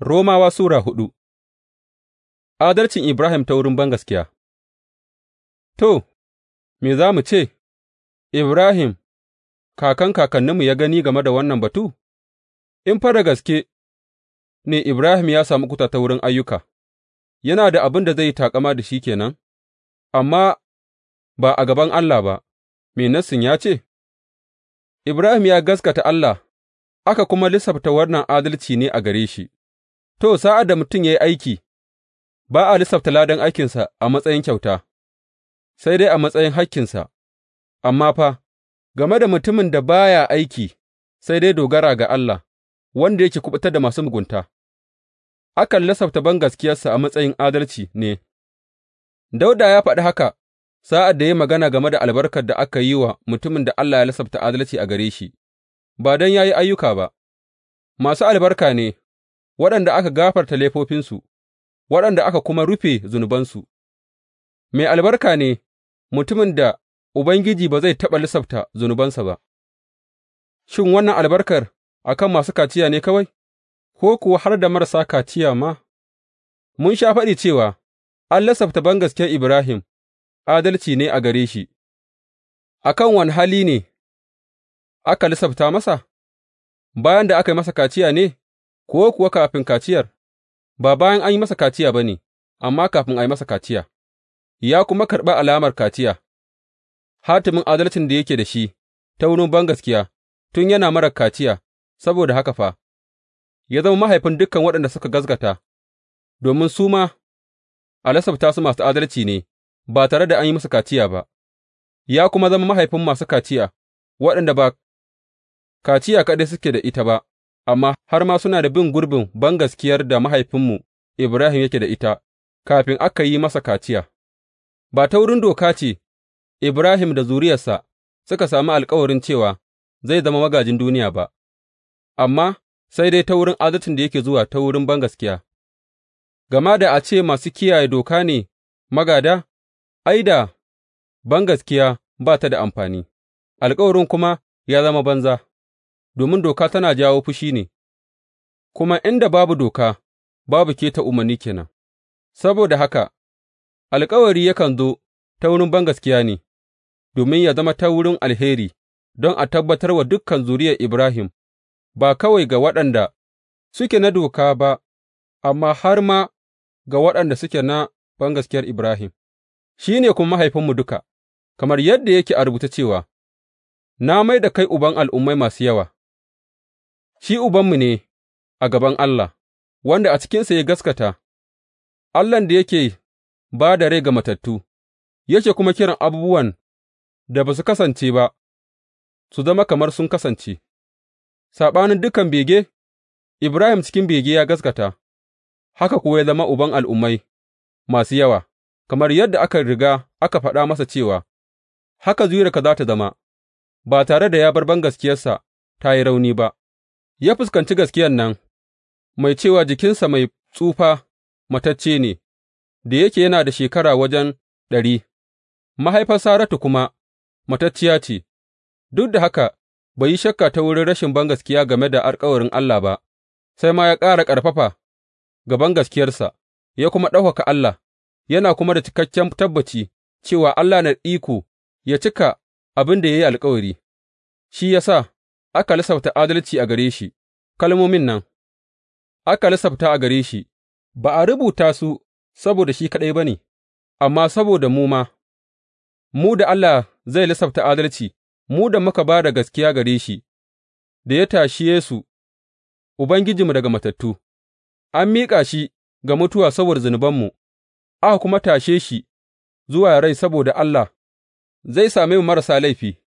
Romawa Sura hudu Adalcin Ibrahim ta wurin bangaskiya To, me za mu ce, Ibrahim, kakan kakanninmu ya gani game da wannan batu? In fara gaske ne Ibrahim ya sami kuta ta wurin ayyuka, yana da abin da zai yi taƙama da shi kenan, amma ba a gaban Allah ba, me Nassin ya ce? Ibrahim ya gaskata Allah, aka kuma lissafta wannan adalci ne a gare shi. To, sa'ad da mutum ya yi aiki, ba a lissafta ladan aikinsa a matsayin kyauta, sai dai a matsayin hakkinsa, amma fa, game da mutumin da ba ya aiki, sai dai dogara ga Allah, wanda yake kuɓutar da masu mugunta, akan lissafta bangaskiyarsa a matsayin adalci ne. Dauda ya faɗi haka sa'ad da ya magana game da albarkar da aka yi wa mutumin da Allah ya lissafta adalci a gare shi, ba don ya yi ayyuka ba, masu albarka ne waɗanda aka gafarta laifofinsu, waɗanda aka kuma rufe zunubansu. Mai albarka ne mutumin da Ubangiji ba zai taɓa lissafta zunubansa ba, shin wannan albarkar a kan masu kaciya ne kawai, ko kuwa har da marasa kaciya ma? Mun sha faɗi cewa an lissafta bangasken Ibrahim adalci ne a gare shi, a kan wani hali ne aka lissafta masa, bayan da aka yi masa kaciya ne, ko kuwa kafin kaciyar, ba bayan an yi masa kaciya ba ne, amma kafin a yi masa kaciya, ya kuma karɓa alamar kaciya, hatimin adalcin da yake da shi ta wurin bangaskiya tun yana marar kaciya, saboda haka fa, ya zama mahaifin dukan waɗanda suka gaskata, domin su ma a lasafta su masu adalci ne ba tare da an yi masa kaciya ba, ya kuma zama mahaifin masu kaciya waɗanda ba kaciya kaɗai suke da ita ba, amma har ma suna da bin gurbin bangaskiyar da mahaifinmu Ibrahim yake da ita kafin aka yi masa kaciya, ba ta wurin doka ce Ibrahim da zuriyarsa suka sami alkawarin cewa zai zama magajin duniya ba, amma sai dai ta wurin adalcin da yake zuwa ta wurin bangaskiya, gama da a ce masu kiyaye doka ne magada, ai, da bangaskiya ba ta da amfani, alkawarin kuma ya zama banza. domin doka tana jawo fushi ne, kuma inda babu doka, babu keta umarni ke nan, saboda haka alkawari yakan zo ta wurin bangaskiya ne, domin ya zama ta wurin alheri don a tabbatar wa dukkan zuriyar Ibrahim, ba kawai ga waɗanda suke na doka ba, amma har ma ga waɗanda suke na bangaskiyar Ibrahim, shi ne kuma mahaifinmu duka, kamar yadda yake a rubuta cewa, Na mai da kai uban al'ummai masu yawa. shi ubanmu ne a gaban Allah, wanda a cikinsa ya gaskata, Allahn da yake ba da rai ga matattu, yake kuma kiran abubuwan da ba su kasance ba, su zama kamar sun kasance, saɓanin dukan bege, Ibrahim cikin bege ya gaskata, haka kuwa ya zama uban al'ummai masu yawa, kamar yadda aka riga aka faɗa masa cewa, Haka zuriyarka za ta zama, ba tare da ya bar gaskiyarsa ta yi rauni ba. ya fuskanci gaskiyan nan mai cewa jikinsa mai tsufa matacce ne, da yake yana da shekara wajen ɗari, mahaifar Saratu kuma matacciya ce, duk da haka bai yi shakka ta wurin rashin bangaskiya game da alkawarin Allah ba, sai ma ya ƙara ƙarfafa ga bangaskiyarsa, ya kuma ɗaukaka Allah, yana kuma da cikakken tabbaci cewa Allah na iko ya cika abin da ya yi alkawari, shi ya sa aka lissafta adalci a gare shi, kalmomin nan, aka lissafta a gare shi, ba a rubuta su saboda shi kaɗai ba ne, amma saboda mu ma, mu da Allah zai lissafta adalci, mu da muka ba da gaskiya gare shi, da ya tashi Yesu, Ubangijinmu daga matattu, an miƙa shi ga mutuwa saboda zunubanmu, aka kuma tashe shi zuwa rai saboda Allah, zai same mu marasa laifi.